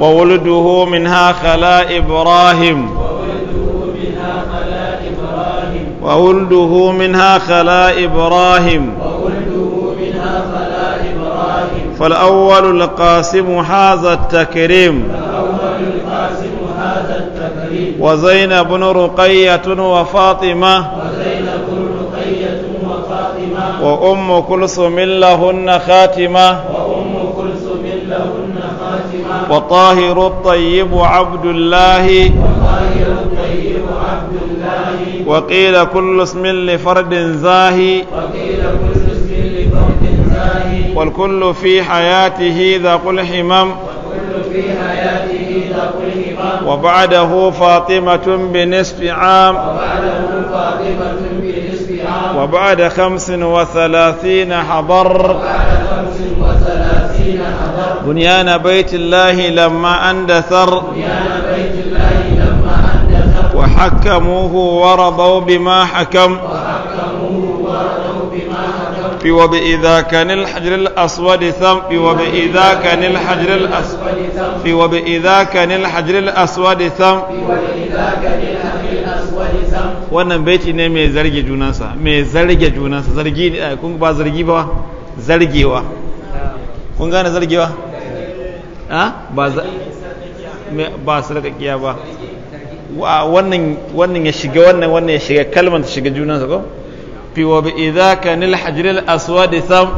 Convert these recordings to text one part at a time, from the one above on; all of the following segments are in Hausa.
وولده منها خلا إبراهيم وولده منها خلا إبراهيم فالأول القاسم هذا التكريم وزينب رقية وفاطمة وأم كلثوم لهن خاتمة وطاهر الطيب عبد الله وقيل كل اسم لفرد زاهي والكل في حياته ذا قل حمام وبعده فاطمة بنصف عام وبعد خمس وثلاثين حضر وبعد خمس وثلاثين بنيان بيت الله لما أندثر وحكموه ورضوا بما حكم في وبإذا كان الحجر الأسود ثم في وبإذا كان الحجر الأسود في وبإذا كان الحجر الأسود ثم wannan baiti ne mai zarge junansa mai zarge junansa zargi ne kun ba zargi ba zargewa kun gane zargewa a ba da kakiya ba wannan ya shiga wannan wannan ya shiga kalmar ta shiga su ko fi wa bi idhaka nil hajril aswad sam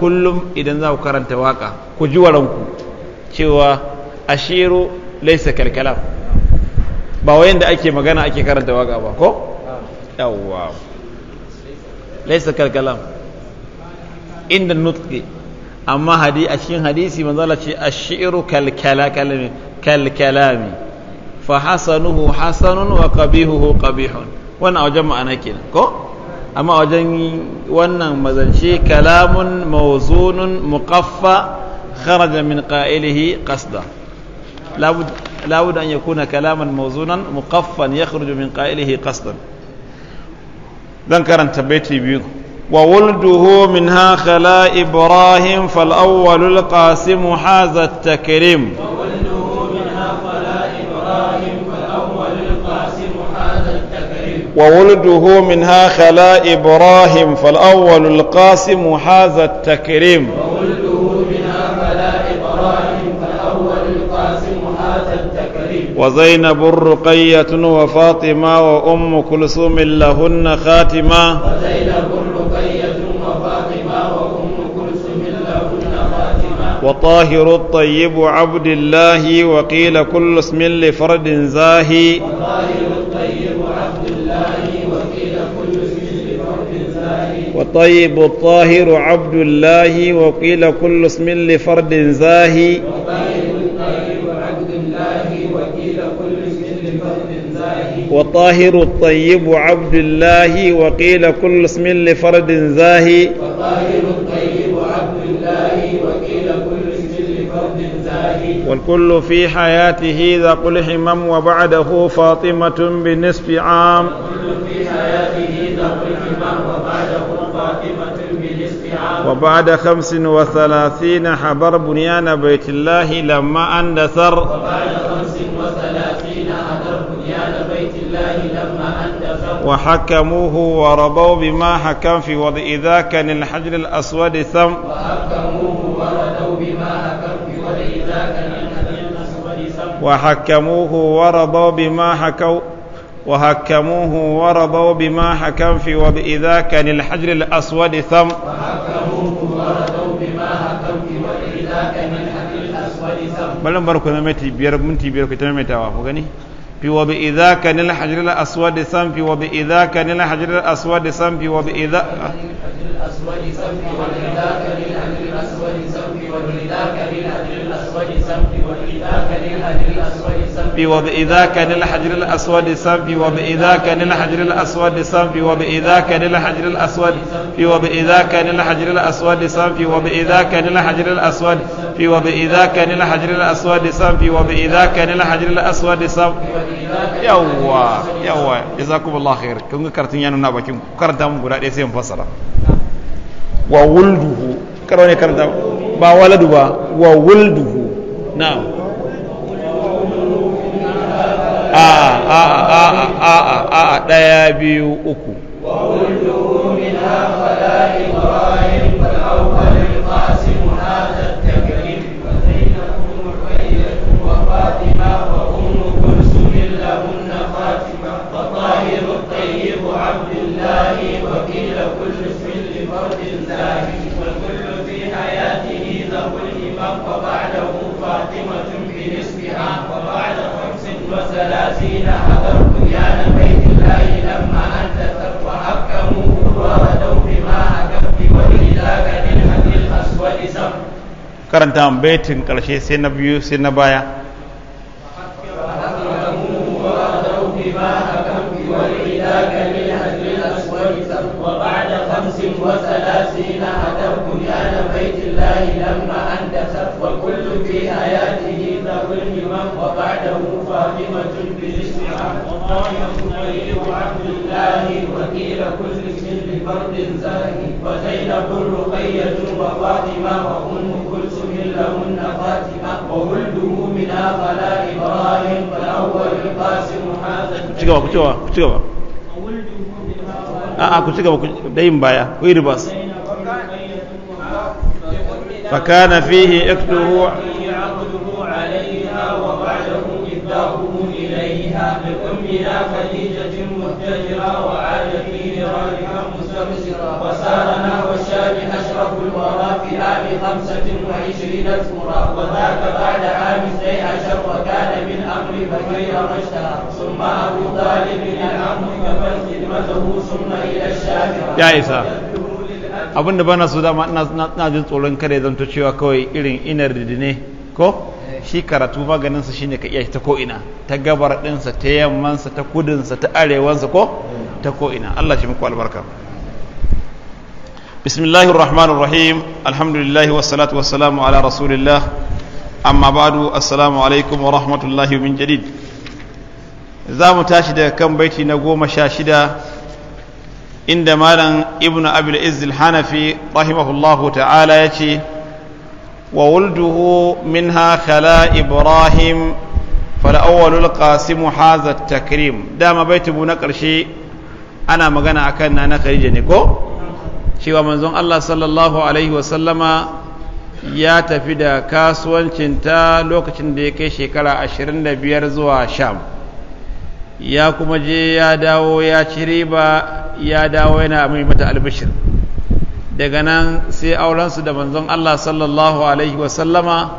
kullum idan za ku karanta waka ku ji waranku cewa ashiru laysa kalkalam ba wayan da ake magana ake karanta waka ba ko yawwa laysa kalkalam inda nutqi amma hadi a cikin hadisi manzo Allah ce ash-shi'ru kal kalami kal kalami fa hasanuhu hasanun wa qabihuhu qabihun wannan a wajen ma'ana kenan ko amma a wajen wannan mazance kalamun mawzunun muqaffa kharaja min qa'ilihi qasda labud an yakuna kalaman mawzunan muqaffan yakhruju min qa'ilihi qasdan dan karanta baiti biyu وولده منها خلا إبراهيم فالأول القاسم حاز التكريم وولده منها خلا إبراهيم فالأول القاسم حاز التكريم وزينب الرقية وفاطمة وأم كلثوم لهن خاتمة وزينب وطاهر الطيب عبد الله وقيل كل اسم لفرد زاهي وطاهر الطيب عبد الله وقيل كل اسم لفرد زاهي وطيب الطاهر عبد الله وقيل كل اسم لفرد زاهي وطاهر الطيب عبد الله وقيل كل اسم لفرد زاهي وطاهر والكل في حياته ذا قل حمم وبعده فاطمة بنصف عام في حياته وبعده فاطمة بنصف عام وبعد خمس وثلاثين حبر بنيان بيت الله لما أندثر وبعد خمس وثلاثين بنيان بيت الله لما أندثر وحكموه وربوا بما حكم في وضع ذاك للحجر الأسود ثم وحكموه وردوا بما حكم في وضع ذاك وحكموه ورضوا بما حكوا وحكموه ورضوا بما حكم في وضع كان الحجر الأسود ثم وحكموه ورضوا بما حكم في وضع ذاك للحجر الأسود ثم بلن بركو نمتي بيار منتي بيار كتنمتا وافو غني في إذا كان الحجر الأسود سم في وبإذا كان الحجر الأسود سم في وبإذا الحجر الأسود سم في sanfi wa bi idza kana al hajr al aswad sanfi wa bi idza kana al hajr al aswad sanfi wa bi idza kana al hajr al aswad fi wa bi idza kana al hajr al aswad sanfi wa bi idza kana al hajr al aswad fi wa bi idza kana al bakin kartan guda dai sai mun fassara wa wulduhu karone karda ba waladu ba wa wulduhu a'a a'a a'a a'a ɗaya biyu uku wa kulluhu minha khalaiqu karanta baitin karshe sai na biyu sai na baya وثلاثين هدف بنيان بيت الله لما أندست وكل في وبعده عبد الله وكيل كل سن فرد زاهي وزينب رقية وفاطمة وأم كلثوم لهن خاتمة وولده من آخلاء إبراهيم فالأول القاسم حازم كتغوا كتغوا كتغوا a'a ku cigaba dayin baya ku yi ribas fakana fihi iktuhu Ya وذاك بعد عام اثني وكان من بكير رشدا abinda ba na dama na jin tsoron kare zanto cewa kawai irin inar ne ko shi karatu maganinsa shine ka iya ta ko'ina ta gabar ɗinsa ta yammansa ta kudinsa ta arewansa ko ta ko'ina Allah shi muku albarka بسم الله الرحمن الرحيم الحمد لله والصلاة والسلام على رسول الله أما بعد السلام عليكم tashi daga kan baiti na goma sha shida inda malam ibn abil izz hanafi rahimahullahu ta'ala ya ce wa wulduhu minha khala ibrahim fal'awwalul qasim haza takrim dama baiti na ƙarshe ana magana akan na na khadija ne ko cewa manzon Allah sallallahu alaihi wasallama ya tafi da kasuwancin ta lokacin da ya kai shekara 25 zuwa sham ya kuma je ya dawo ya ci riba ya dawo yana mai mata albishir daga nan sai aurensu da manzon Allah sallallahu alaihi wasallama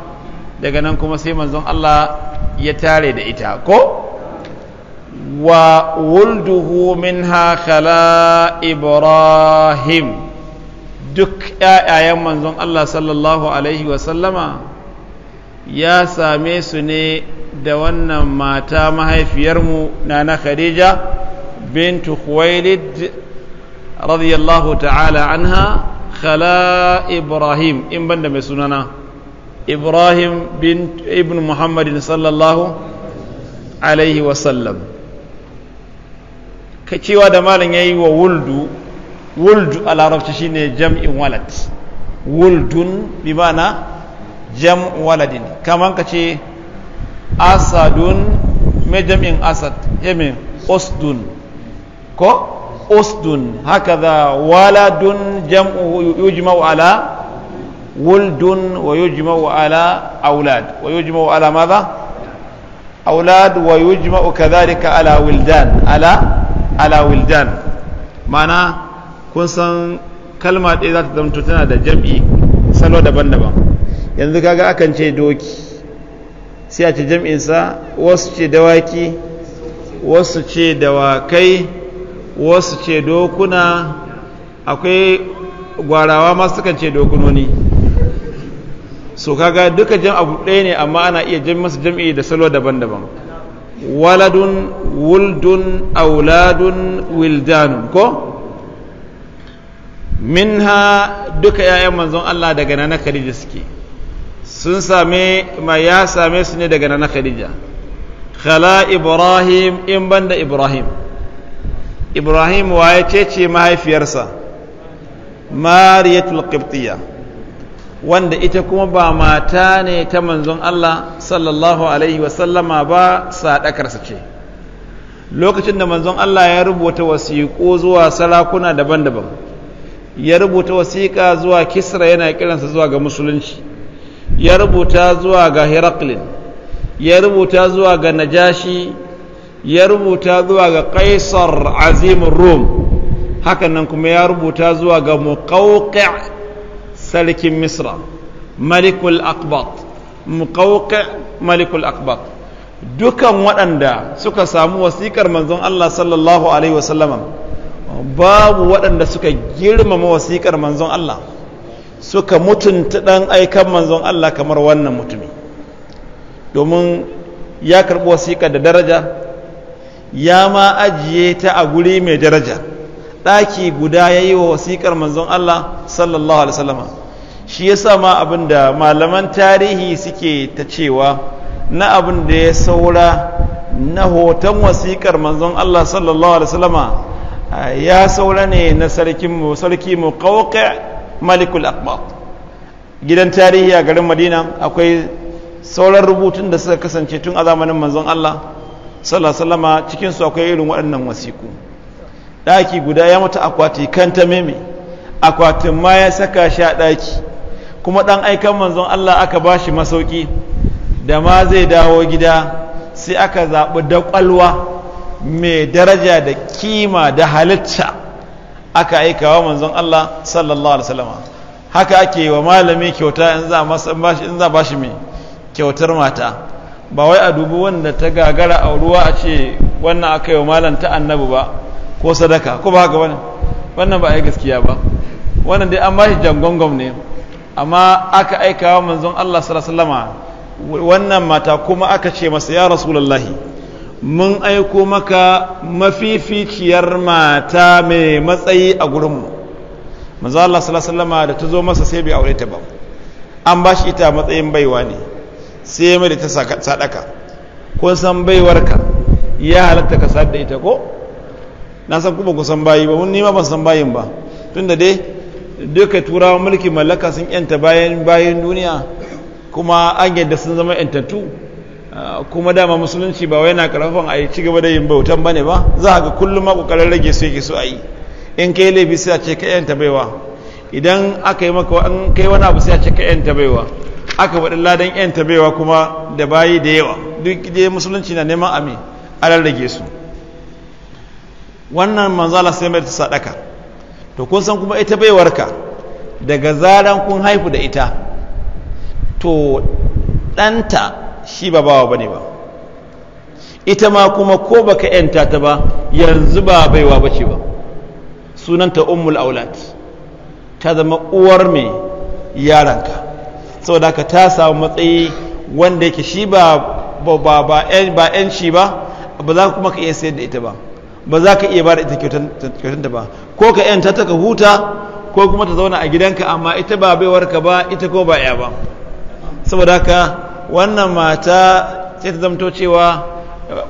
daga nan kuma sai manzon Allah ya tare da ita ko wa wulduhu minha khala ibrahim duk ‘ya'yayen manzon Allah sallallahu Alaihi wasallama ya same su ne da wannan mata mahaifiyarmu na na Khadija bintu Khuwailid radiyallahu ta'ala anha khala Ibrahim in banda mai sunana Ibrahim bin Ibn Muhammadin sallallahu Alaihi wasallam. cewa da malin ya yi wa wuldu wuldu a larabci shine jam'in walad wuldun bi mana jam waladin kaman ka ce asadun mai jam'in asad yamin eh, osdun ko osdun haka da waladun jam'u yujma'u ala wuldun wa yujma'u ala aulad wa yujma'u ala maza aulad wa yujma'u kadhalika ala wildan ala ala wildan ma'ana kun san kalma ɗaya za ta zamto tana da jam'i salo daban-daban yanzu kaga akan ce doki sai a ce jam'insa wasu ce dawaki wasu ce dawakai wasu ce dokuna akwai gwarawa masu sukan ce dokunoni so kaga duka jam abu ɗaya ne amma ana iya jam masu jam'i da salo daban-daban waladun wuldun auladun wildanun ko minha duka 'ya'yan manzon Allah daga nana Khadija suke sun same ma ya same su ne daga nana Khadija khala Ibrahim in banda Ibrahim Ibrahim waye ce ce mahaifiyarsa Mariyatul Qibtiyya wanda ita kuma ba mata ne ta manzon Allah sallallahu alaihi wasallama ba sadakarsa ce lokacin da manzon Allah ya rubuta wasiƙo zuwa sarakuna daban-daban ya rubuta wasiƙa zuwa kisra yana kiransa zuwa ga musulunci ya rubuta zuwa ga heraklin ya rubuta zuwa ga najashi ya rubuta zuwa ga kaisar azimin rom hakanan kuma ya rubuta zuwa ga muƙauƙi sarkin misra malikul akbat malikul akbat dukan waɗanda suka samu wasiƙar manzon allah sallallahu alaihi wasallama babu waɗanda suka girmama wasiƙar manzon Allah suka mutunta ɗan aikan manzon Allah kamar wannan mutumi domin ya karɓi wasiƙar da daraja ya ma ajiye ta a guri mai daraja ɗaki guda ya yi wa wasiƙar manzon Allah sallallahu alaihi wasallama shi ya sa ma abin da malaman tarihi suke ta cewa na abin da ya saura na hoton wasiƙar manzon Allah sallallahu alaihi wasallama ya saura ne na sarkinmu sarki mu kawaka malikul akbar gidan tarihi a garin madina akwai sauran rubutun da suka kasance tun a zamanin manzon allah salasalama cikinsu akwai irin waɗannan wasiku ɗaki guda ya mata akwati kan ta meme akwatin ma ya saka shi a ɗaki kuma ɗan aikan manzon allah aka ba shi masauki da ma zai dawo gida sai aka zaɓi dakwalwa mai daraja da kima da halitta aka aika wa manzon Allah sallallahu alaihi wasallam haka ake wa malami kyauta in za masa in za bashi mai kyautar mata ba wai a dubu wanda ta gagara a ruwa a ce wannan aka yi wa malam ta annabi ba ko sadaka ko ba haka wannan wannan ba a yi gaskiya ba wannan dai an bashi jangongom ne amma aka aika wa manzon Allah sallallahu alaihi wasallam wannan mata kuma aka ce masa ya rasulullahi mun aiko maka mafificiyar mata mai matsayi a gurinmu Maza Allah sallallahu da ta zo masa sai bai aure ta ba an ba shi ita matsayin baiwa ne sai mai da ta sadaka kun san baiwar ka. ya halatta ka da ita ko na san kuma ku san bayi ba mun nima ban san bayin ba tunda dai duka turawa mulki mallaka sun yanta bayan bayan duniya kuma an yadda sun zama yantattu kuma dama musulunci ba wai yana karfafan a yi ci gaba da yin bautan bane ba za a ga kullum ma kokarin rage su yake so a yi in kai laifi sai a ce ka yanta baiwa idan aka yi maka an kai wani abu sai a ce ka yanta baiwa aka faɗi ladan yanta baiwa kuma da bayi da yawa duk da musulunci na neman ami a rarrage su wannan manzala sai mai ta sadaka to kun san kuma ita baiwarka daga zaran kun haifu da ita to ɗanta shi ba bawa bane ba ita ma kuma ko baka yanta ta ba yanzu ba baiwa bace ba sunanta ummul aulat ta zama uwar mai yaranka saboda haka ta samu matsayi wanda yake shi ba ba yanci ba ba za kuma ka iya sayar da ita ba ba za ka iya ba da ita kyautanta ba ko ka yanta ta ka huta ko kuma ta zauna a gidanka amma ita ba baiwarka ba ita ko ba ya ba saboda haka wannan mata sai ta zamto cewa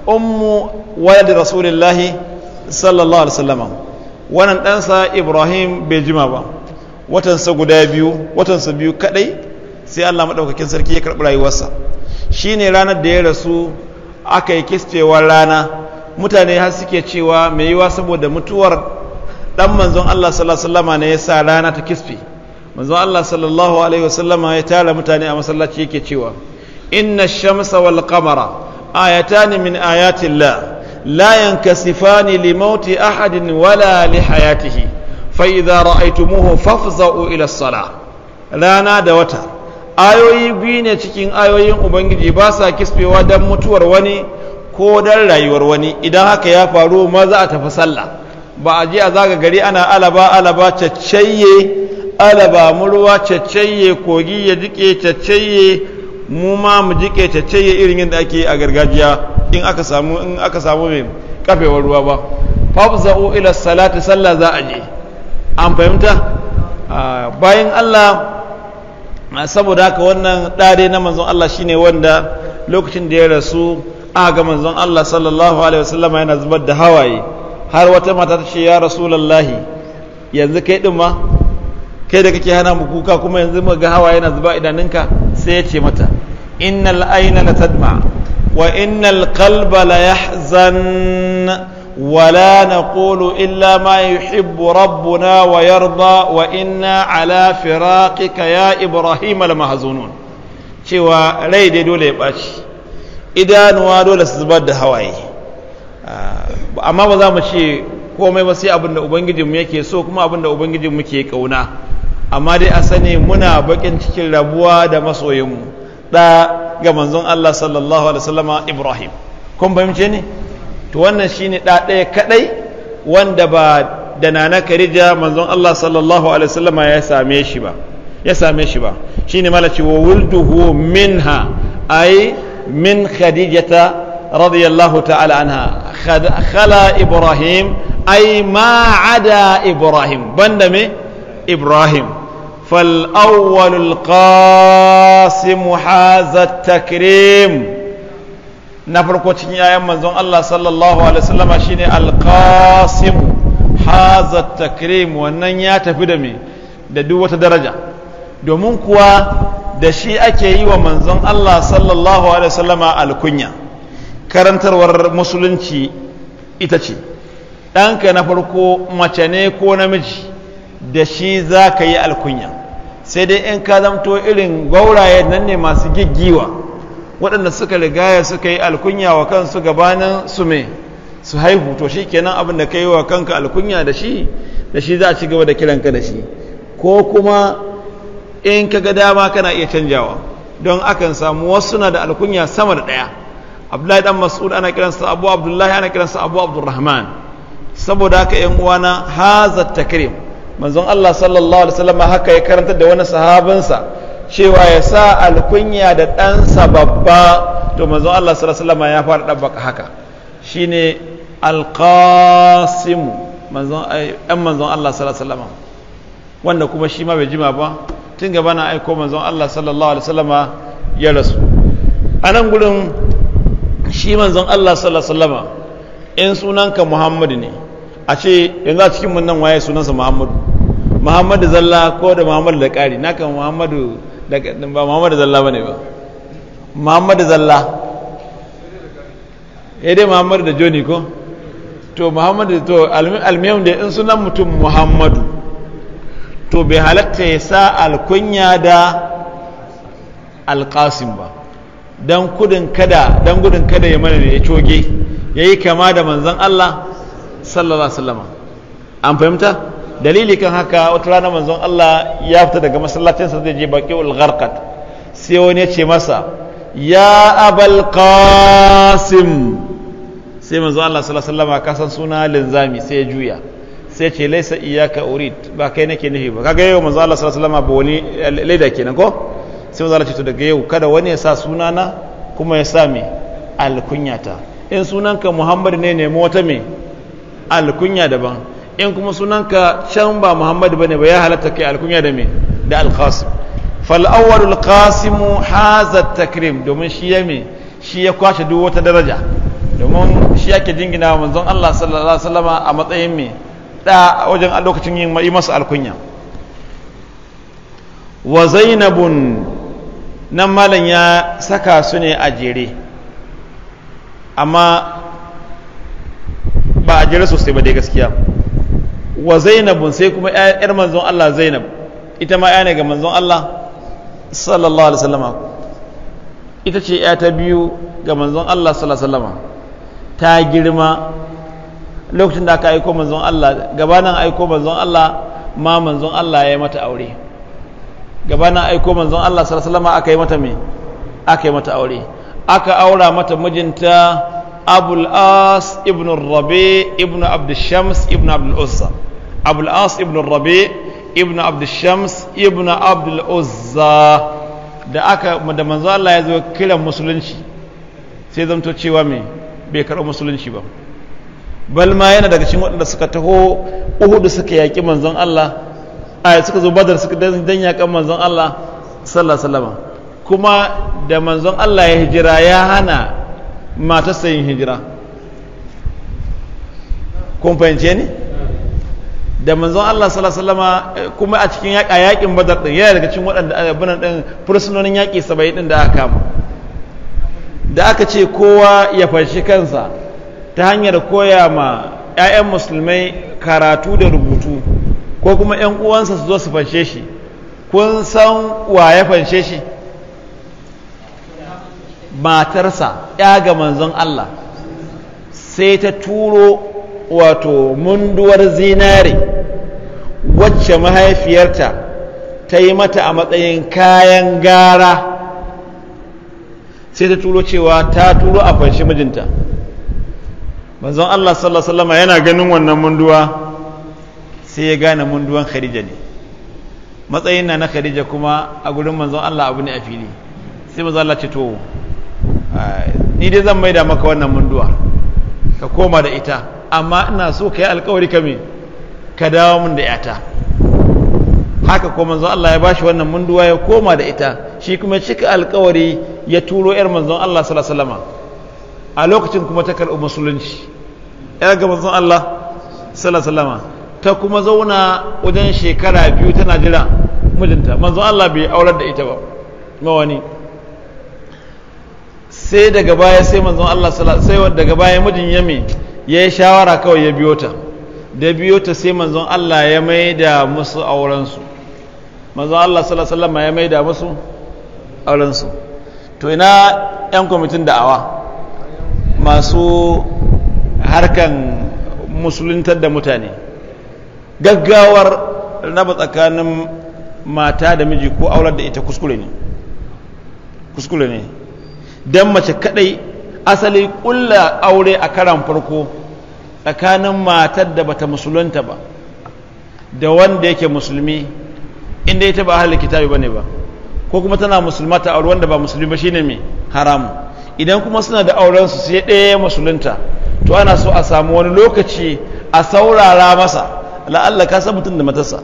ummu walad rasulillahi sallallahu alaihi wasallam wannan ɗansa ibrahim bai jima ba watansa guda biyu watansa biyu kadai sai allah maɗaukakin sarki ya karbi rayuwarsa shi ne ranar da ya rasu aka yi kistewar rana mutane har suke cewa mai yiwa saboda mutuwar ɗan manzon allah sallallahu alaihi wasallama ne ya sa rana ta kisfe manzon allah sallallahu alaihi wasallama ya tara mutane a masallaci yake cewa inna shamsa wal qamara ayatan min ayati llah la yankasifani li mauti ahadin wala li hayatihi fa idza ra'aytumuhu fafza'u ila as rana da wata ayoyi biyu ne cikin ayoyin ubangiji ba sa kisbewa dan mutuwar wani ko dan rayuwar wani idan haka ya faru maza a tafi sallah ba a je a zaga gari ana alaba alaba caccayye alaba murwa caccayye kogi ya jike caccayye mu ma mu ji ya irin yadda ake a gargajiya in aka samu in aka samu mai kafewar ruwa ba fafza'u ila salati sallah za a je an fahimta ah, bayan Allah ah, saboda haka wannan dare na manzon Allah shine wanda lokacin da ya rasu a ga manzon Allah sallallahu alaihi wasallam yana zubar da hawaye har wata mata ta ce ya rasulullahi yanzu kai din ma kai da kake hana mu kuka kuma yanzu mu ga hawaye yana zuba idanunka sai ya ce mata إن الأين لتدمع illa القلب ليحزن ولا نقول إلا ما يحب ربنا ويرضى وإنا على فراقك يا إبراهيم لمحزونون cewa rai dai dole ya ɓaci idanuwa dole su zubar da hawaye ah, amma ba za mu ce komai ba sai abinda ubangijinmu yake so kuma abinda ubangijinmu ke ƙauna. amma dai a sani muna baƙin cikin rabuwa da masoyinmu da ga manzon Allah sallallahu alaihi wasallama Ibrahim kun fahimce ne to wannan shine da ɗaya kadai wanda ba da nana Khadija manzon Allah sallallahu alaihi wasallama ya same shi ba ya same shi ba shine malaci wa wulduhu minha Ai min khadijata رضي الله تعالى Khala Ibrahim, ai أي ما عدا إبراهيم me Ibrahim. فالأول القاسم هذا التكريم نفرق تنيا من زون الله صلى الله wannan ya tafi da me daraja domin kuwa da shi ake yi wa manzon Allah sallallahu alaihi wasallama alkunya karantarwar musulunci ita ce ɗanka na farko mace ne ko namiji da shi za ka yi alkunya sai dai yan ka zamto irin gauraye nan ne masu giggiwa waɗanda suka rigaya suka yi alkunya wa kansu gabanin su me su haihu to shi kenan abin da ka yi wa kanka alkunya da shi da shi za a ci gaba da kiranka da shi ko kuma in ka ga dama kana iya canjawa don akan samu wasu na da alkunya sama da ɗaya abdullahi dan mas'ud ana kiransa abu abdullahi ana kiransa abu abdurrahman saboda haka yan uwana haza takrim manzon Allah sallallahu alaihi wasallam haka ya karanta da wani sahabinsa cewa ya sa alkunya da ɗansa babba to manzon Allah sallallahu alaihi wasallam ya fara dabbaka haka shine alqasim manzon ay ɗan manzon Allah sallallahu alaihi wasallam wanda kuma shi ma bai jima ba tun gaba na aiko manzon Allah sallallahu alaihi wasallam ya rasu a nan gurin shi manzon Allah sallallahu alaihi wasallam in sunanka Muhammad ne a ce yanzu a cikin nan waye sunansa muhammadu muhammadu zalla ko da muhammadu da ƙari na kan muhammadu da ba muhammadu zalla ba ne ba muhammadu zalla ya eh dai muhammadu da joni ko to muhammadu to almiyam da in sunan mutum muhammadu to bai halatta ya sa alkunya da alƙasim ba don gudun kada ya mana ya coge ya yi kama da manzan allah sallallahu alaihi an fahimta dalili kan haka wata rana manzon Allah ya fita daga sa zai je baki gharqat sai wani ya ce masa ya abal qasim sai manzon Allah sallallahu alaihi wasallam ka san suna linzami sai ya juya sai ce laisa iyaka urid ba kai nake nufi ba kaga yau manzon Allah sallallahu alaihi wasallam ba wani eh, laida kenan ko sai manzon Allah ce to daga yau kada wani ya sa sunana kuma ya sa me alkunyata in sunanka Muhammad ne nemo wata me alkunya daban in kuma sunanka can ba muhammad bane ba ya halatta kai alkunya da me da alqasim fal awwal hazar takrim domin shi ya me shi ya kwashe duk wata daraja domin shi yake jingina manzon Allah sallallahu alaihi a matsayin me da wajen a lokacin yin yi masa alkunya wa zainabun nan malam ya saka su ne a jere amma ba a jira sosai ba dai gaskiya wa zainabun sai kuma yar manzon Allah zainab ita ma yana ne ga manzon Allah sallallahu alaihi wasallam ita ce ya ta biyu ga manzon Allah sallallahu alaihi wasallam ta girma lokacin da aka aiko manzon Allah gabanin aiko manzon Allah ma manzon Allah ya yi mata aure gabanin aiko manzon Allah sallallahu alaihi wasallam aka yi mata me aka yi mata aure aka aura mata mijinta abu al’as ibn rabe ibn abd shams ibn abd uzza abul ibn rabe ibn abd shams ibn abd da aka da manzo Allah ya zo kila musulunci sai zamto cewa me bai karɓi musulunci ba bal ma yana daga cikin waɗanda suka taho uhudu suka yaƙi manzon Allah a suka zo badar suka dan yaƙan manzon Allah sallallahu alaihi kuma da manzon Allah ya hijira ya hana matasta yin hijira kun fahimce ne da manzon Allah sallallahu eh, kuma a cikin yaƙin badar ɗin yana daga cikin waɗanda eh, abunan ɗin fursunonin yaƙi saba'in ɗin da aka kama da aka ce kowa ya fashi kansa ta hanyar koya ma 'ya'yan musulmai karatu da rubutu ko kuma 'yan uwansa su zo su fashe shi kun san wa ya fashe shi matarsa ya ga manzon Allah sai ta turo wato munduwar zinare wacce mahaifiyarta ta yi mata a matsayin kayan gara sai ta turo cewa ta turo a fanshi mijinta manzon Allah sallallahu alaihi wasallam yana ganin wannan munduwa sai ya gane munduwan Khadija ne matsayin na na Khadija kuma a gurin manzon Allah abu ne a fili sai manzon Allah ce to ni dai zan maida maka wannan munduwa ka koma da ita amma ina so ka yi alkawari ka me ka dawo min da yata haka ko manzon Allah ya bashi wannan munduwa ya koma da ita shi kuma cika alkawari ya turo yar manzon Allah sallallahu alaihi a lokacin kuma ta karɓi musulunci ya ga manzon Allah sallallahu alaihi ta kuma zauna wajen shekara biyu tana jira mijinta manzon Allah bai aurar da ita ba mawani sai daga baya sai manzon Allah sai daga baya mijin ya ya yi shawara kawai ya biyo ta da biyo ta sai manzon Allah ya mai da musu aurensu manzon Allah sallallahu ya mai da musu aurensu to ina yan kwamitin da'awa masu harkan musuluntar da mutane gaggawar ba tsakanin mata da miji ko aular da ita kuskure ne kuskure ne don mace kadai asali kulla aure a karan farko tsakanin matar da bata musulunta ba da wanda yake musulmi inda ita ba ahalin kitabi bane ba ko kuma tana musulma ta aure wanda ba musulmi ba shine mai haramu idan kuma suna da auren su sai ɗaya musulunta to ana so a samu wani lokaci a saurara masa la'alla ka san mutum da matarsa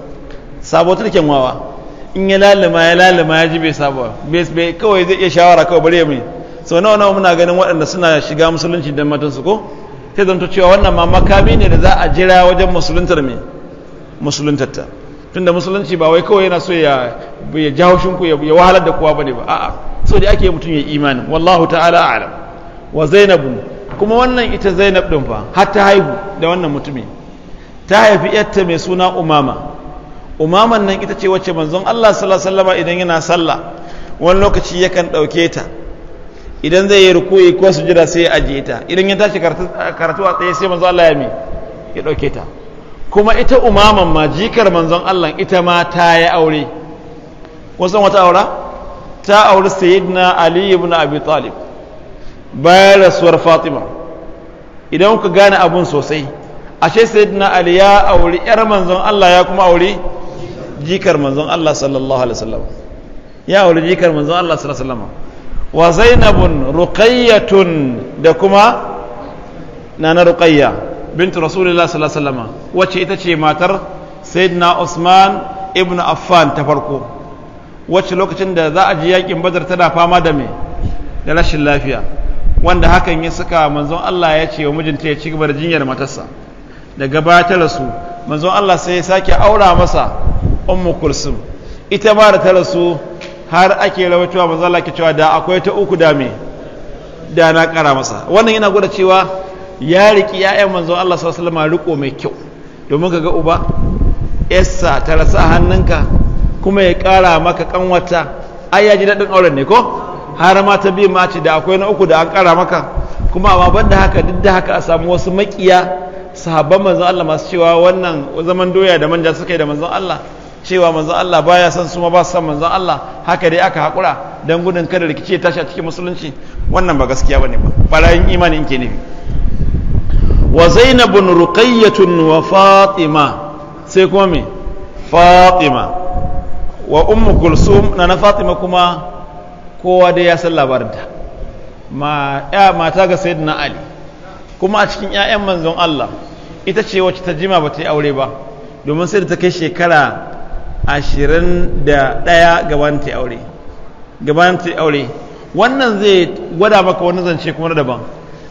sabo ta wawa in ya lalima ya lalima ya ji bai sabo bai kawai zai iya shawara kawai bari ya mai sau nawa nawa muna ganin waɗanda suna shiga musulunci don matansu ko sai zanto cewa wannan ma makami ne da za a jira wajen musuluntar me musuluntar ta tunda musulunci ba wai kawai yana so ya ya jawo shinku ya wahalar da kowa bane ba a'a so da ake mutum ya imani wallahu ta'ala a'lam wa zainabu kuma wannan ita zainab din fa har ta haihu da wannan mutumi ta haifi yarta mai suna umama umaman nan ita ce wacce manzon Allah sallallahu alaihi wasallam idan yana sallah wani lokaci yakan dauke ta idan zai yi rukuyi ko su jira sai ya ajiye ta idan ya tashi karatu a tsaye sai manzo Allah ya mi ya dauke ta kuma ita umaman ma jikar manzon Allah ita ma ta yi aure kun san wata aura ta auri sayyidina Ali ibn Abi Talib bayan rasuwar Fatima idan ku gane abun sosai ashe sayyidina Ali ya auri yar manzon Allah ya kuma auri jikar manzon Allah sallallahu alaihi wasallam ya auri jikar manzon Allah sallallahu alaihi wasallam wa zainabun ruqayyatun da kuma nana ruqayya bint rasulullah sallallahu alaihi wasallam wacce ita ce matar sayyidina usman ibn affan ta farko wacce lokacin da za a ji yakin badar tana fama da me da rashin lafiya wanda hakan ya saka manzon Allah ya ce wa mijinta ya ci gaba da jinyar matarsa da ta rasu manzon Allah sai ya sake aura masa ummu kulsum ita ma da ta rasu har ake rawaitowa manzo Allah ke cewa da akwai ta uku da me da na kara masa wannan yana gwada cewa ya riki ya'yan manzo Allah sallallahu alaihi wasallam riko mai kyau domin kaga uba yassa ta rasa hannunka kuma ya kara maka kanwata ai ya ji dadin auren ne ko har ma ta bi ma ci da akwai na uku da an kara maka kuma amma banda haka duk da haka a samu wasu makiya sahabban manzo Allah masu cewa wannan zaman doya da manja suka da manzo Allah cewa manzan Allah baya son su ma ba san manzan Allah haka dai aka haƙura don gudun kada rikice tashi a cikin musulunci wannan ba gaskiya ba ne ba barayin imani in ke nufi wa zainabun ruqayyatun wa fatima sai kuma me fatima wa ummu kulsum na na fatima kuma kowa dai ya san labarinta ma mata ga sayyidina ali kuma a cikin 'ya'yan manzon Allah ita ce wacce ta jima ba ta yi aure ba domin sai da ta kai shekara ashirin da ɗaya gaban ta aure gaban ta aure wannan zai gwada maka wani zance kuma na daban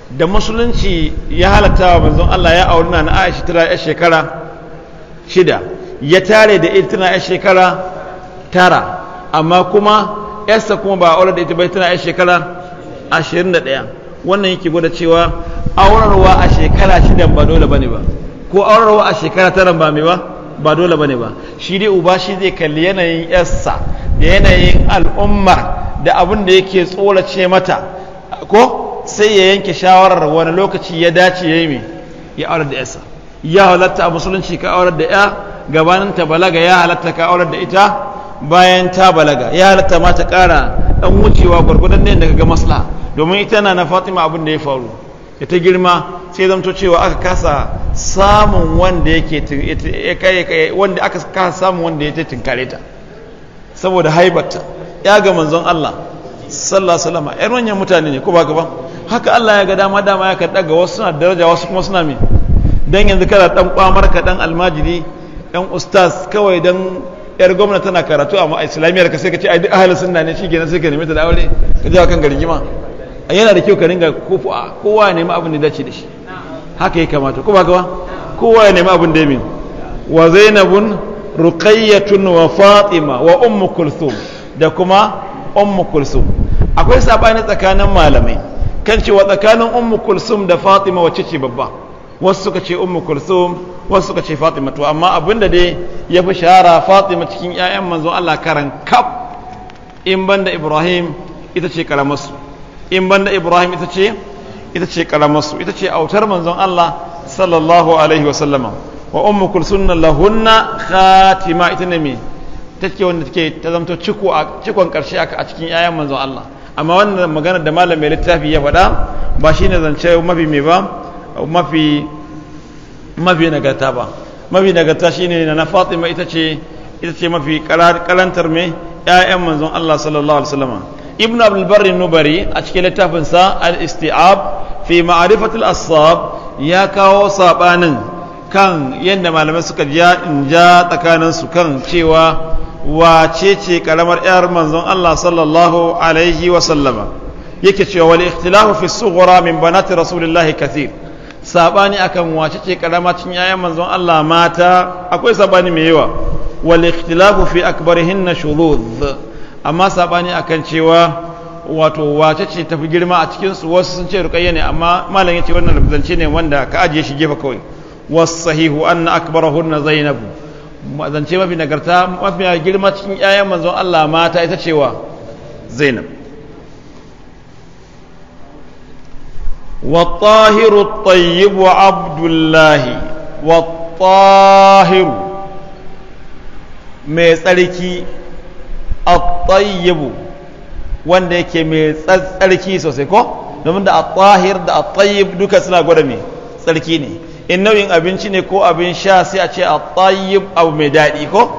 da musulunci ya halatta wa manzon Allah ya auri na Aisha tana ya shekara shida ya tare da ita tana ya shekara tara amma kuma yarsa kuma ba aure da ita bai tana ya shekara ashirin da ɗaya wannan yake gwada cewa aurarwa a shekara shidan ba dole ba ne ba ko aurarwa a shekara tara ba mai ba ba dole bane ba shi dai uba shi zai kalli yanayin yarsa da yanayin al'ummar da abin da yake tsorace mata ko sai ya yanke shawarar wani lokaci ya dace ya yi mai ya aurar da yarsa ya halatta a musulunci ka aurar da ya gabanin ta balaga ya halatta ka aurar da ita bayan ta balaga ya halatta ma ta kara dan wucewa gwargwadon ne daga ga maslaha domin ita na na fatima abin da ya faru da ta girma sai zamto cewa aka kasa samun wanda yake wanda aka kasa samun wanda yake tinkare ta saboda haibarta ya ga manzon Allah sallallahu alaihi wasallam ƴan manyan mutane ne ko ba ka ba haka Allah ya ga dama dama ya kaɗa daga wasu suna daraja wasu kuma suna me dan yanzu kana dan kwamar ka dan almajiri dan ustaz kawai dan yar gwamnati tana karatu a islamiyar ka sai ka ce ai duk ahlus sunna ne shi gina sai ka nemi ta da aure ka je kan gargima yana da kyau ka ringa kowa ya nemi abin da dace da shi haka ya kamata kuma gawa kowa ya nemi abin da ya min wa zainabun ruqayyatun wa fatima wa ummu kulthum da kuma ummu kulthum akwai sabani tsakanin malamai kan cewa tsakanin ummu kulthum da fatima wacce ce babba wasu suka ce ummu kulthum wasu suka ce fatima to amma abin da dai ya fi shahara fatima cikin 'ya'yan manzon Allah karan kaf in banda ibrahim ita ce karamarsu in banda ibrahim ita ce ita ce karamarsu ita ce autar manzon allah sallallahu alaihi wasallama wa ummu kulsunna lahunna khatima ita ne me take wanda take ta zamto ciko a cikon karshe a cikin yayan manzon Allah amma wannan magana da malam mai littafi ya faɗa ba shine zance mafi me ba mafi mafi nagarta ba mafi nagarta shine na na Fatima ita ce ita ce mafi kalantar me yayan manzon Allah sallallahu alaihi wasallama ibn abdulbar nubari a cikin littafinsa al-isti'ab fi ma'arifatul asab ya kawo sabanin kan yadda malamai suka ja in ja tsakaninsu kan cewa wace ce karamar yar manzon Allah sallallahu alaihi wa sallama yake cewa wal ikhtilafu fi sughra min banati rasulillahi kathir sabani akan wace ce karama cikin yayan manzon Allah mata akwai sabani mai yawa wal ikhtilafu fi akbarihinna shurudh amma sabani kan cewa wato wace ce tafi girma a cikinsu wasu sun ce rukayya ne amma malam yace wannan rubutance ne wanda ka ajiye shi gefe kawai wasu sahihu anna na zainabu zance mafi nagarta mafi girma cikin ƴaƴan manzon Allah mata ita cewa zainab والطاهر الطيب وعبد الله والطاهر mai tsarki at-tayyibu wanda yake mai tsarki sosai ko domin da at da at duka suna gwada me tsarki ne in nauyin abinci ne ko abin sha sai a ce at-tayyib abu mai daɗi ko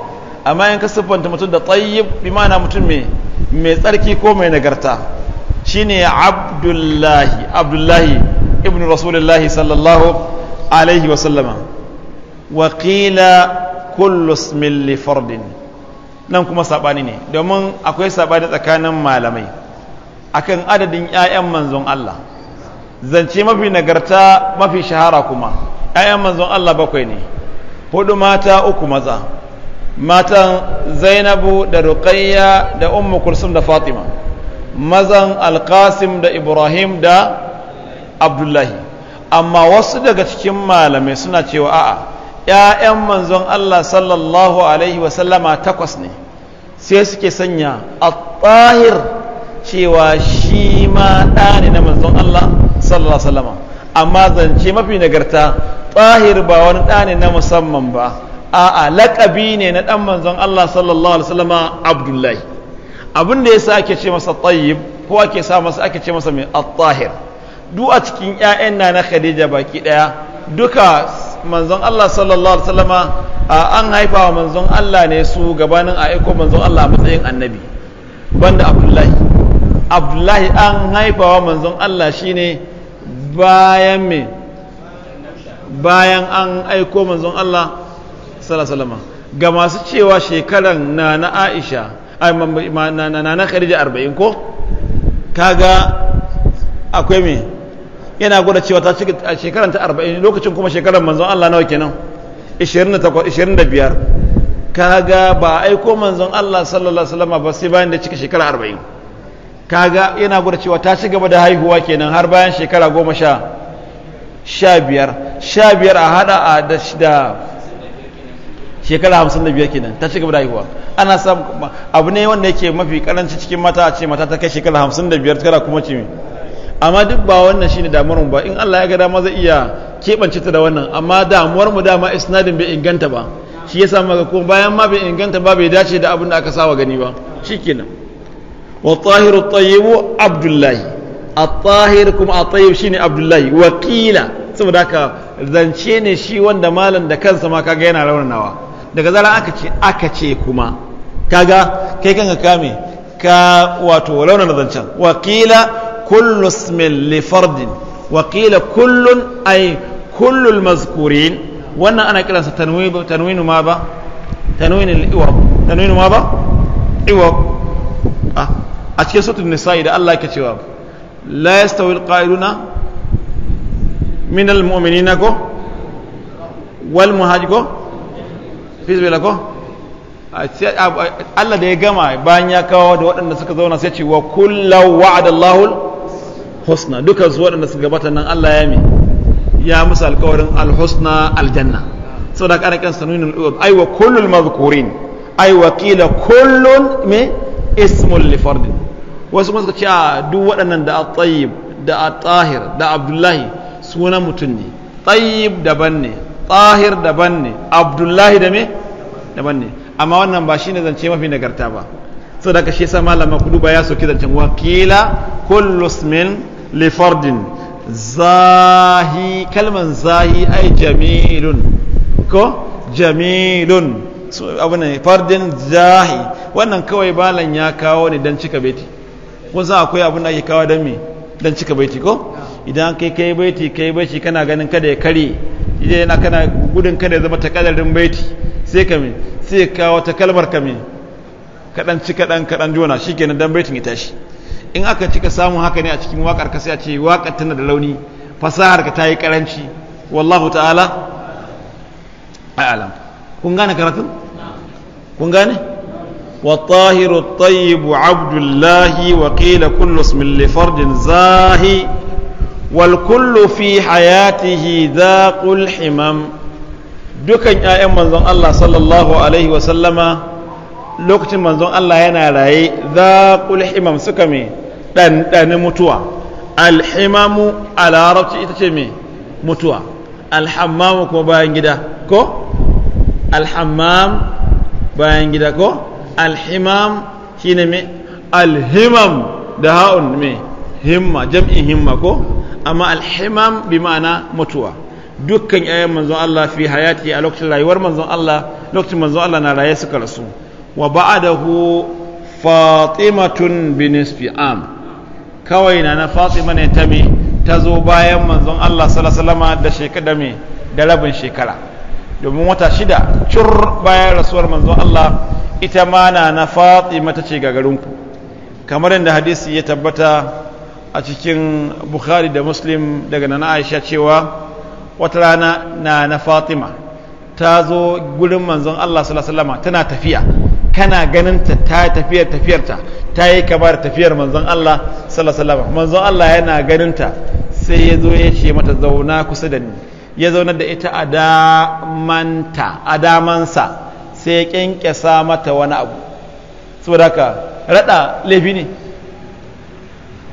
amma in ka siffanta mutum da tayyib bi ma'ana mutum mai mai tsarki ko mai nagarta shine abdullah abdullahi ibn rasulullah sallallahu alaihi wa sallama wa qila kullu ismin li fardin nan kuma saɓani ne domin akwai saɓani tsakanin malamai akan adadin 'ya'yan manzon Allah zance mafi nagarta mafi shahara kuma 'ya'yan manzon Allah bakwai ne hudu mata uku maza matan zainabu da ruqayya da ummu kulsum da fatima mazan alkasim da ibrahim da abdullahi amma wasu daga cikin malamai suna cewa a'a ‘ya'yan manzon Allah sallallahu Alaihi wasallama takwas ne sai suke sanya a tsahir cewa shi ma ɗa ne na manzon Allah sallallahu Alaihi amma zance mafi nagarta tsahir ba wani ɗa ne na musamman ba a'a laƙabi ne na ɗan manzon Allah sallallahu Alaihi wasallama Abdullahi abin da ya sa ake ce masa tsayib ko ake sa masa ake ce masa mai al-tahir duk a cikin 'ya'yan na na Khadija baki ɗaya duka manzon Allah sallallahu alaihi wasallama an haifa wa manzon Allah ne su gabanin a aiko manzon Allah a matsayin annabi banda Abdullahi Abdullahi an haifa wa manzon Allah shine bayan me bayan an aiko manzon Allah sallallahu alaihi wasallama ga masu cewa shekaran na na Aisha na na Khadija 40 ko kaga akwai me yana gwada cewa ta shiga a shekaran ta 40 lokacin kuma shekaran manzon Allah nawa kenan 28 25 kaga ba aiko manzon Allah sallallahu alaihi wasallam ba sai bayan da cika shekara 40 kaga yana gwada cewa ta ci gaba da haihuwa kenan har bayan shekara 10 15 15 a hada a da shida. shekara 55 kenan ta ci gaba da haihuwa ana samu abu ne wanda yake mafi karanci cikin mata a ce mata ta kai shekara 55 tara kuma ce amma duk ba wannan shine damuwar mu ba in Allah ya ga dama zai iya kebance ta da wannan amma damuwar mu dama isnadin bai inganta ba shi yasa maka ko bayan ma bai inganta ba bai dace da abin da aka sawa gani ba shikenan wa tahiru tayyibu abdullahi at-tahir kuma at-tayyib shine abdullahi wakila saboda haka zance ne shi wanda malam da kansa ma kaga yana raunanawa daga zara aka ce aka ce kuma kaga kai kanka kame ka wato raunana zancen wakila كل اسم لفرد وقيل كل أي كل المذكورين وانا انا كلا ستنوين تنوين ما با تنوين الاوب تنوين ما با اوب اه اشكي صوت النساء اذا الله كتواب لا يستوي القائلون من المؤمنين كو والمهاجر كو في سبيل كو الله ده ya بانيا bayan ya kawo da waɗanda suka zauna sai ce wa husna duka su waɗanda suka gabata nan Allah ya mi ya musu alƙawarin alhusna aljanna saboda kana kan sanunin al'ub ai wa kullul mazkurin ai wa qila kullun me ismul lifardi wasu masu ce a duk waɗannan da at-tayyib da at-tahir da abdullahi sunan mutum ne tayyib daban ne tahir daban ne abdullahi da me daban ne amma wannan ba shine zance mafi nagarta ba saboda ka shi sa malama kudu ba ya soki zancen wakila kullus min lifardin zahi kalman zahi ai jamilun ko jamilun abu ne fardin zahi wannan kawai balan ya kawo ne don cika beti kun san akwai abin da ake kawo don me don cika baiti ko idan kai kai baiti kai baiti kana ganin kada ya kare idan yana kana gudun kada ya zama takadarin baiti sai ka me sai kawo ta kalmar ka me kaɗan ci kaɗan kaɗan jona shi kenan don baitin ya tashi in aka cika samun haka ne a cikin wakar ka sai a ce wakar tana da launi fasahar ka ta yi karanci wallahu ta'ala a'lam kun gane karatu kun gane wa tahiru tayyibu abdullahi wa qila kullu ismin li fardin zahi wal kullu fi hayatihi dhaqul himam dukan ƴaƴan manzon Allah sallallahu alaihi wa sallama lokacin manzon Allah yana raye dhaqul himam suka me ɗanɗanin mutuwa alhimamu a larabci ita ce mai mutuwa alhammamu kuma bayan gida ko alhammam bayan gida ko alhimam shi ne mai alhimam da ha'un mai himma jam'in himma ko amma alhimam bi ma'ana mutuwa dukkan yayan manzon Allah fi hayati a lokacin rayuwar manzon Allah lokacin manzon Allah na raye suka rasu wa ba'adahu fatimatun bi nisfi am kawai na na fatima ne ta me ta zo bayan manzon Allah sallallahu da shekara me da rabin shekara domin wata shida cur bayan rasuwar manzon Allah ita ma na na fatima ta ce ku. kamar yadda hadisi ya tabbata a cikin bukhari da muslim daga nana aisha cewa wata rana na na fatima ta zo gurin manzon Allah sallallahu tana tafiya kana ganin ta ta tafiyar tafiyarta ta yi kamar tafiyar manzon Allah sallallahu alaihi wasallam manzon Allah yana ganin ta sai ya zo ya ce mata zauna kusa da ni ya zauna da ita a damanta a damansa sai ya kyankyasa mata wani abu saboda haka rada laifi ne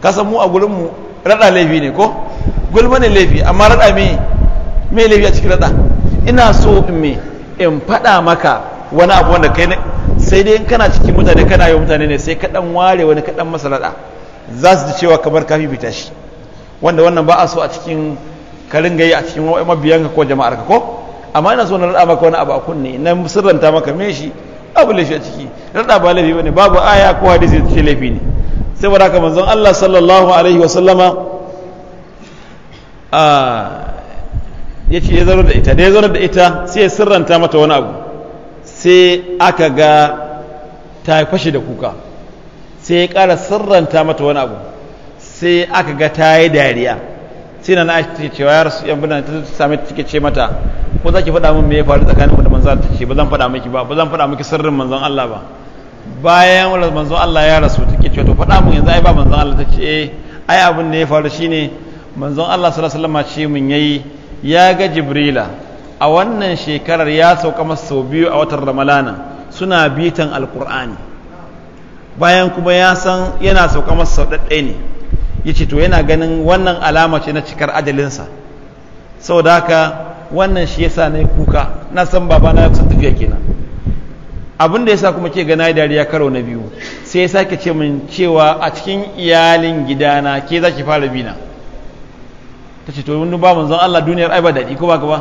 kasan mu a gurinmu rada laifi ne ko gulma ne laifi amma rada me me laifi a cikin rada ina so in me in faɗa maka wani abu wanda kai sai dai in kana cikin mutane kana yi mutane ne sai kaɗan ware wani kaɗan masalada za su ji cewa kamar kafi bita shi wanda wannan ba a so a cikin karin gayi a cikin mabiyanka ko jama'arka ko amma ina so na rada maka wani abu a kunne na sirranta maka me shi abu laifi a ciki rada ba laifi bane babu aya ko hadisi da ce laifi ne saboda haka manzon Allah sallallahu alaihi wa sallama a ah, yace ya zaro da ita da ya zaro da ita sai ya sirranta mata wani abu sai aka ga ta fashe da kuka sai ya ƙara sirranta mata wani abu sai aka ga ta yi dariya sai na aiki ce cewa ya rasu yan birnin ta sami cike ce mata ko za ki faɗa min me ya faru tsakanin da manzan ta ce ba zan faɗa miki ba ba zan faɗa miki sirrin manzon Allah ba bayan wala manzon Allah ya rasu take cewa to faɗa min yanzu ai ba manzon Allah ta ce eh ai abin da ya faru shine manzon Allah sallallahu alaihi wasallam ce min yayi ya ga Jibrila a wannan shekarar ya sauka masa sau biyu a watan ramalana suna bitan alkur'ani bayan kuma ya san yana sauka masa sau ɗaɗɗe ne ya ce to yana ganin wannan alama ce na cikar ajalinsa sau da haka wannan shi yasa na yi kuka na san baba na kusan tafiya kenan abin da ya sa kuma ke gana ya dariya karo na biyu sai ya sake ce min cewa a cikin iyalin gidana ke za ki fara bina ta ce to wani ba zan Allah duniyar ai ba daɗi ko ba ka ba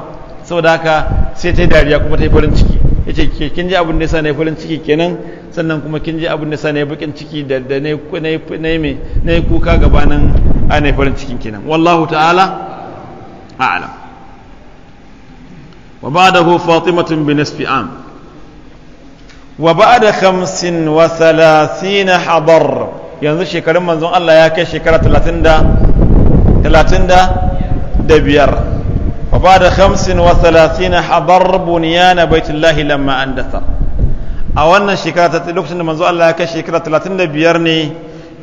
saboda haka sai ta yi dariya kuma ta yi farin ciki ya ce kin ji abin da ya sa na yi farin ciki kenan sannan kuma kin ji abin da ya sa na yi bakin ciki da na yi kuka gabanin na yi farin cikin kenan wallahu ta'ala a'lam wa ba'dahu fatimatun bi nisfi am wa da hamsin wa thalathina habar yanzu shekarun manzon Allah ya kai shekara talatin da biyar وبعد خمس وثلاثين حضر بنيان بيت الله لما أندث أولا شكرة لوكس منذ الله كشكرة 35 ne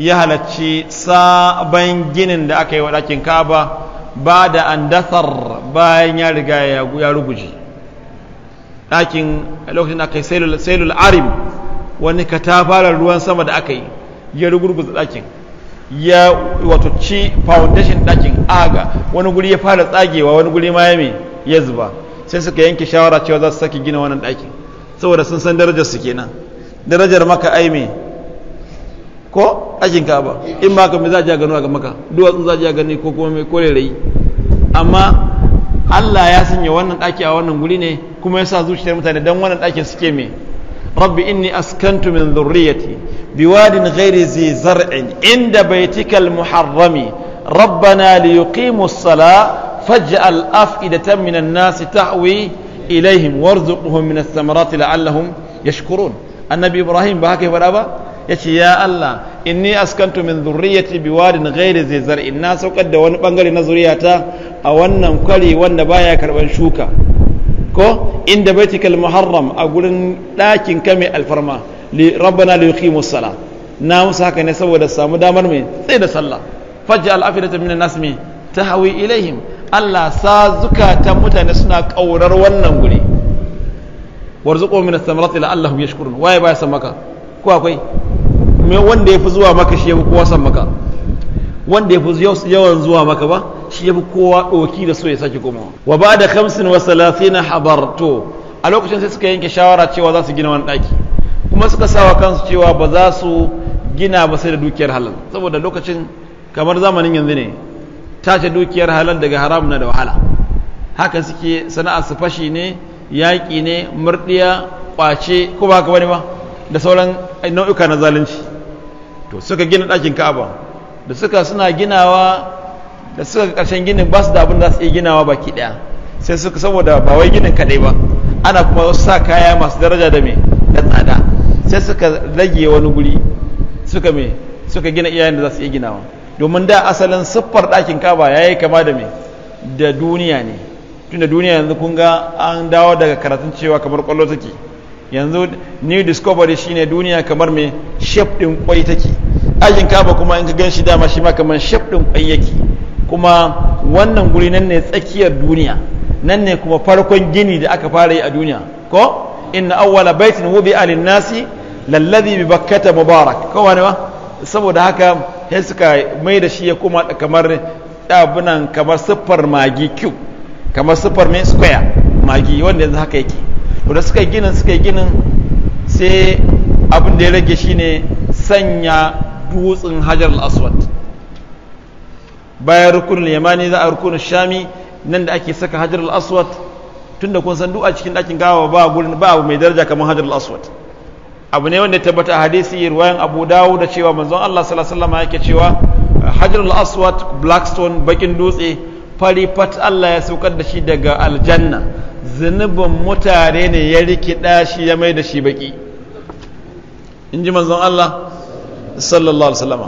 ya halarci sabon ginin da aka yi wa ɗakin kaba ba da an bayan ya riga ya ɗakin lokacin aka yi sailul arim wani katafarar ruwan sama da aka yi ya rugurguza ɗakin ya wato ci foundation ɗakin aga wani guri ya fara tsagewa wani guri ma ya ya zuba sai suka yanke shawara cewa za su sake gina wannan ɗakin saboda sun san darajar su kenan darajar maka ai mai ko ɗakin ka ba in ba ka mai za a ja a ga maka duwatsun za a ja gani ko kuma mai kore rai amma Allah ya sanya wannan ɗaki a wannan guri ne kuma ya sa zuciyar mutane don wannan ɗakin suke mai rabbi inni askantu min dhurriyyati biwadin ghairi zai inda baitikal muharrami rabbana li yuqimu as-sala faj'al af'idatan nasi tahwi ilaihim warzuqhum min ath-thamarati la'allahum yashkurun annabi ibrahim ba haka ya faɗa ba yace ya Allah inni askantu min dhurriyyati biwadin ghairi zai zar'in na saukar da wani bangare na zuriyata a wannan kwari wanda baya karban shuka ko inda baitikal muharram a gurin ɗakin ka alfarma rabbana li yuqimu musala, na musu haka ne saboda samu damar mai tsaye da sallah faj'al afidatan minan nasmi ta hawi ilaihim Allah sa zukatan mutane suna kaurar wannan guri warzuqo min Allah thamarati la'allahum yashkurun waye ya san maka ko akwai wanda ya fi zuwa maka shi ya fi kowa san maka wanda ya fi yawan zuwa maka ba shi ya fi kowa doki da so ya saki komawa wa ba'da 35 habarto a lokacin sai suka yanke shawara cewa za su gina wani ɗaki. kuma suka sawa kansu cewa ba za su gina ba sai da dukiyar halal saboda lokacin kamar zamanin yanzu ne tace dukiyar halal daga haram na da wahala haka suke sana'ar su fashi ne yaƙi ne murɗiya ƙwace ko ba ka wani ba da sauran nau'uka na zalunci to suka gina ɗakin ka'aba da suka suna ginawa da suka ƙarshen ginin ba su da abin da su iya ginawa baki ɗaya sai suka saboda ba wai ginin kaɗai ba ana kuma sa kaya masu daraja da me da tsada sai suka rage wani guri suka me suka gina iyayen da za su iya ginawa domin da asalin siffar ɗakin kaba ya yi kama da me da duniya ne tun da duniya yanzu kun ga an dawo daga karatun cewa kamar kwallo take yanzu new discovery shine duniya kamar me shef ɗin kwai take ɗakin kaba kuma in ka gan shi dama shi ma kamar shef ɗin kwai yake kuma wannan guri nan ne tsakiyar duniya nan ne kuma farkon gini da aka fara yi a duniya ko inna awwala baitin wubi alinnasi nasi bi bakkata mubarak ko wani ba saboda haka sai suka mai da shi ya kuma kamar dabunan kamar siffar magi Q. kamar siffar mai square magi wanda yanzu haka yake to da suka ginin suka ginin sai abin da ya rage shine sanya dutsen hajar al-aswad bayan rukunin yamani za a rukunin shami nan da ake saka hajar al-aswad tunda kun san du'a cikin ɗakin gawa ba gurin ba abu mai daraja kamar hajar aswad abu ne wanda ya tabbata a hadisi ruwayan abu dawo da cewa manzon Allah sallallahu alaihi wasallam yake cewa hajar aswad blackstone bakin dutse fari fat Allah ya saukar da shi daga aljanna zunubin mutare ne ya rikida shi ya mai da shi baki in ji manzon Allah sallallahu alaihi wasallam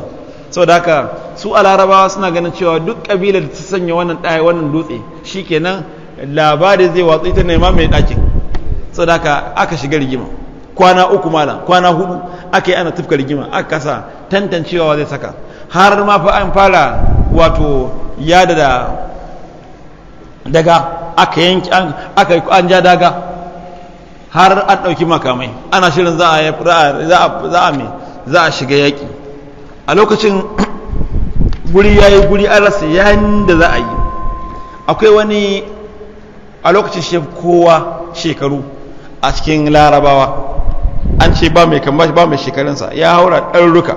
saboda haka su a larabawa suna ganin cewa duk kabilar da ta sanya wannan ɗaya wannan dutse shikenan labari zai watsa ita nema mai ɗakin sadaka aka shiga rigima kwana uku malam kwana hudu aka yi ana tufka rigima aka kasa tantancewa zai saka har ma fa an fara wato yada da daga aka yanki aka an ja daga har an ɗauki makamai ana shirin za a za a mai za a shiga yaƙi a lokacin guri ya yi guri arasa yayin da za a yi akwai wani a lokacin shi kowa shekaru a cikin larabawa an ce ba mai kamba ba mai shekarunsa ya haura ɗarurruka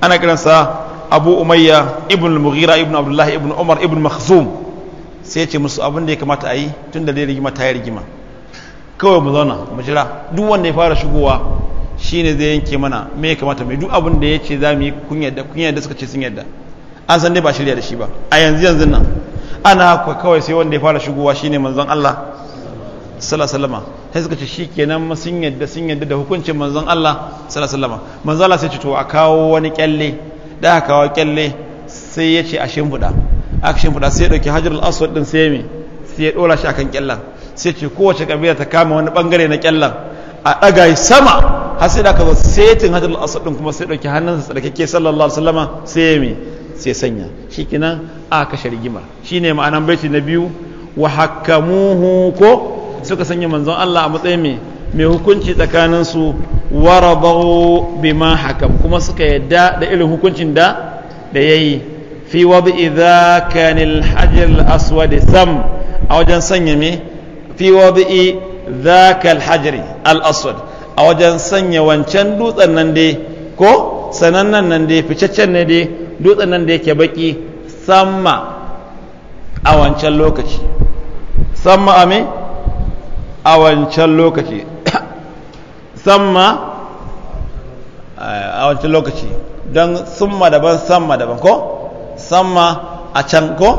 ana kiransa abu umayya ibn al-mughira ibn abdullahi ibn umar ibn makhzum sai ce musu abin da ya kamata a yi tun da dai rigima ta yi rigima kawai mu zauna mu jira duk wanda ya fara shigowa shine zai yanke mana me ya kamata mai duk abin da ya ce za mu yi kun da suka ce sun yadda an san dai ba shirya da shi ba a yanzu yanzu nan ana kwa kawai sai wanda ya fara shigowa shine manzon Allah sallallahu sai suka ce shikenan sun yadda sun yadda da hukuncin manzon Allah sallallahu manzon Allah sai ce to a kawo wani kyalle da aka kawo kyalle sai ya ce a A aka shimfiɗa sai ya ɗauki hajar al-aswad ɗin sai me sai ya ɗora shi akan kyallan sai ce kowace kabila ta kama wani bangare na kyallan a ɗaga sama har sai da ka zo setin hajar al-aswad ɗin kuma sai ya ɗauki hannunsa tsarkake sallallahu alaihi wasallama sai ya me sai sanya shi kinan a kashe rigima shine ma'anan baiti na biyu wa hakamuhu ko suka sanya manzon Allah a matsayin mai mai hukunci tsakaninsu su wa rabau bima hakam kuma suka yadda da irin hukuncin da da yayi fi wad'i dhaka al hajar al sam a wajen sanya me fi wad'i dhaka al al aswad a wajen sanya wancan dutsen nan dai ko sanannen nan dai ficaccen ne dai dutsen nan da yake baki samma a wancan lokaci samma a me a wancan lokaci samma eh, a wancan lokaci don summa daban samma daban ko samma a can ko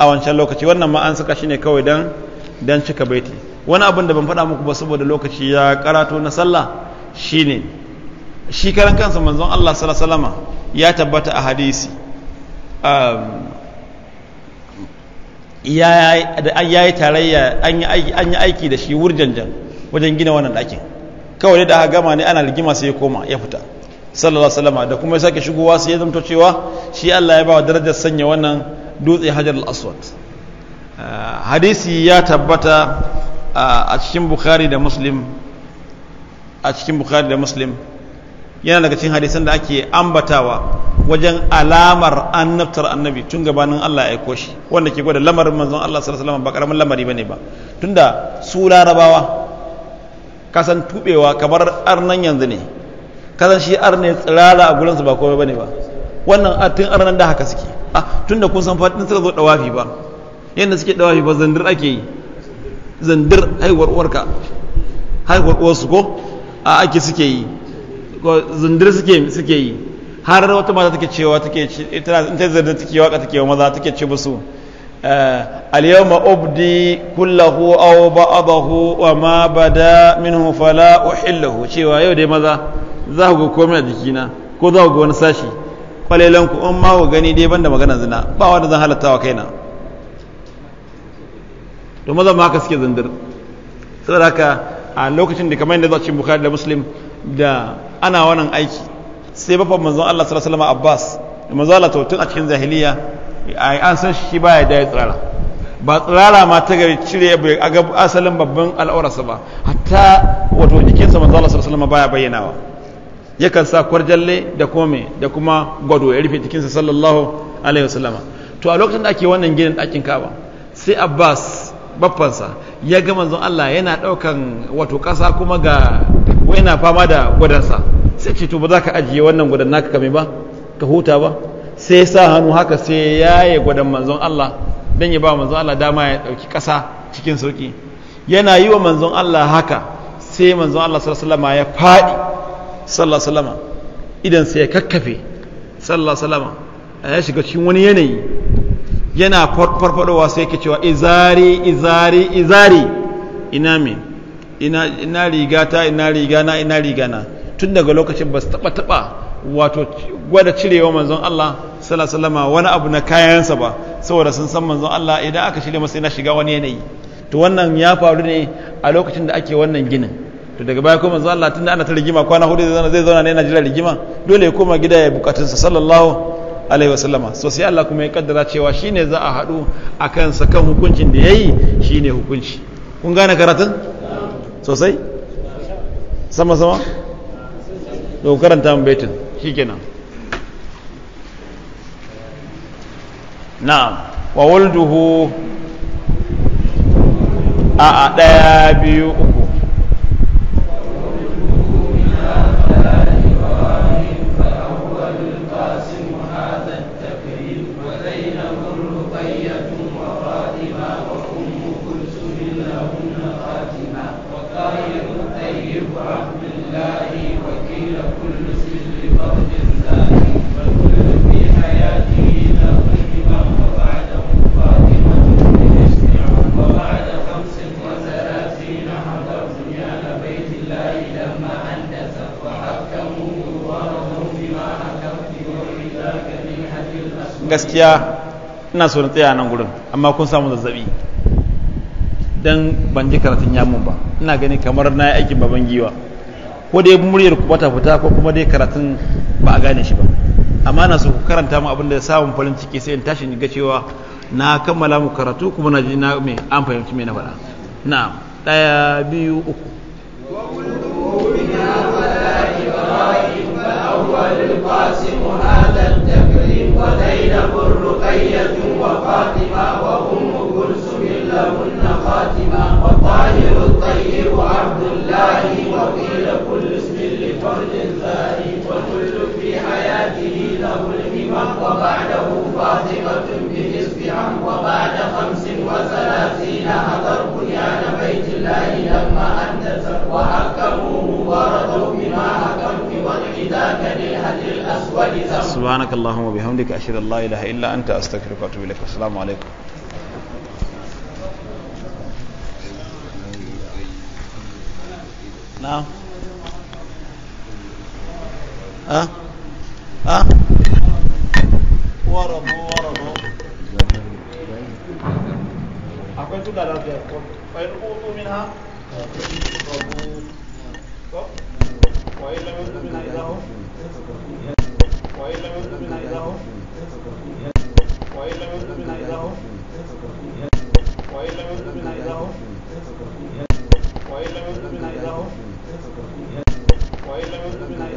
a wancan lokaci wannan ma an suka shi ne kawai don don cika baiti wani abin da ban faɗa muku ba saboda lokaci ya karato na sallah shine shi karan kansa manzon Allah sallallahu alaihi wasallama ya tabbata a hadisi um, ya yi tarayya an yi aiki da shi wurjanjan wajen gina wannan ɗakin kawai da aka gama ne ana rigima sai ya koma ya fita sallallahu alaihi da kuma ya sake shigowa sai ya zama cewa shi Allah ya ba wa darajar sanya wannan dutse hajar al-aswad uh, hadisi ya tabbata uh, a cikin bukhari da muslim a cikin bukhari da muslim yana daga cikin hadisan da ake ambatawa wajen alamar annabtar annabi tun gabanin Allah ya aiko shi wanda ke gwada lamarin manzon Allah sallallahu alaihi wasallam ba karamin lamari bane ba tunda su larabawa kasan tubewa kamar arnan yanzu ne kasan shi arne tsirara a gurin ba komai bane ba wannan atin arnan da haka suke a tunda kun san fatin suka zo dawafi ba yanda suke dawafi ba zandir ake yi zandir haihuwar uwarka haihuwar uwarsu ko a ake suke yi zundir suke suke yi har wata mata take cewa take ita in ta zarda take waka take wa maza take ce musu eh, al yawma ubdi kullahu aw ba'dahu wa ma bada minhu fala uhillahu cewa yau dai maza za ku ga komai a jikina ko za ku wani sashi kwalelan ku in ma ku gani dai banda magana zina ba wanda zan halatta wa kaina to maza ma haka suke zundir saboda haka a lokacin da kamar yadda za a ce bukari da muslim da ana wannan aiki sai bafan manzon Allah sallallahu alaihi wasallam Abbas manzon Allah to tun a cikin jahiliya ai an san shi baya da tsirara ba tsirara ma ta gari cire bai ga asalin babban al'aurarsa ba hatta wato jikinsa manzon Allah sallallahu alaihi wasallam baya bayyanawa yakan sa kwarjalle da kuma me da kuma gwado ya rufe jikinsa sallallahu alaihi wasallama to a lokacin da ake wannan ginin ɗakin Ka'aba sai Abbas baffansa ya ga manzon Allah yana ɗaukan wato ƙasa kuma ga ko ina fama da gwadansa sai ce to ba za ka ajiye wannan gwadan naka kame ba ka huta ba sai sa hannu haka sai ya yi gwadan manzon Allah don ya ba manzon Allah dama ya ɗauki kasa cikin sauki yana yi wa manzon Allah haka sai manzon Allah ya faɗi sallallahu idan sai ya kakkafe sallallahu a ya shiga cikin wani yanayi yana farfadowa sai yake cewa izari izari izari ina min ina riga ta ina riga na ina riga na tun daga lokacin ba su taba taba wato gwada cirewa manzon Allah sallallahu wani abu na kayansa ba saboda sun san manzon Allah idan aka shirya masa yana shiga wani yanayi to wannan ya faru ne a lokacin da ake wannan ginin to daga baya kuma manzon Allah tunda ana ta rigima kwana hudu zai zauna zai zauna ne yana jira rigima dole ya koma gida ya bukatunsa sallallahu alaihi wasallama so sai Allah kuma ya kaddara cewa shine za a haɗu akan sa kan hukuncin da yayi shine hukunci kun gane karatun sosai sama sama to karanta mu shi kenan na'am wa walduhu a a daya biyu gaskiya ina so na tsaya nan gurin amma kun samu zazzabi dan ban ji karatun yamun ba ina gani kamar na yi aikin baban giwa ko dai muryar ku bata fita ko kuma dai karatun ba a gane shi ba amma na so ku karanta mu abin da samun farin ciki sai in tashi ga cewa na kammala mu karatu kuma na ji na me an fahimci me na faɗa na'am ɗaya biyu uku وقلوبنا ولا إبراهيم فأول القاسم وزينب الرقية وفاطمة وأم كلثوم لهن خاتمة والطاهر الطيب عبد الله وقيل كل اسم لفرد ثاني وكل في حياته له الهمة وبعده فاطمة بنصفها وبعد خمس وثلاثين حضر بنيان بيت الله لما أندس وحكموه ورضوا بما حكم في وضع ذاك للهدي الأسود سبحانك اللهم وبحمدك أشهد أن لا إله إلا أنت أستغفرك وأتوب إليك السلام عليكم نعم أه أه وربو وربو أقول كل هذا ويربو منها وإن لم يكن منها إذا هم وإن لم يكن من أيدهم وإن لم يكن من أيدهم وإن لم يكن من أيدهم وإن لم يكن من أيدهم وإن لم يكن من